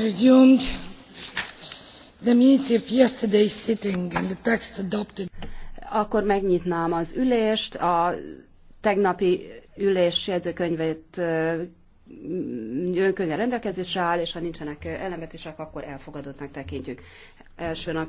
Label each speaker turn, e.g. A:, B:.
A: resumed the minutes of yesterday's sitting and the text adopted. Akkor megnyitnám az ülést, a tegnapi ülés jegyzőkönyvét önkönyve rendelkezésre áll, és ha nincsenek ellenvetések, akkor elfogadottnak tekintjük. Első napi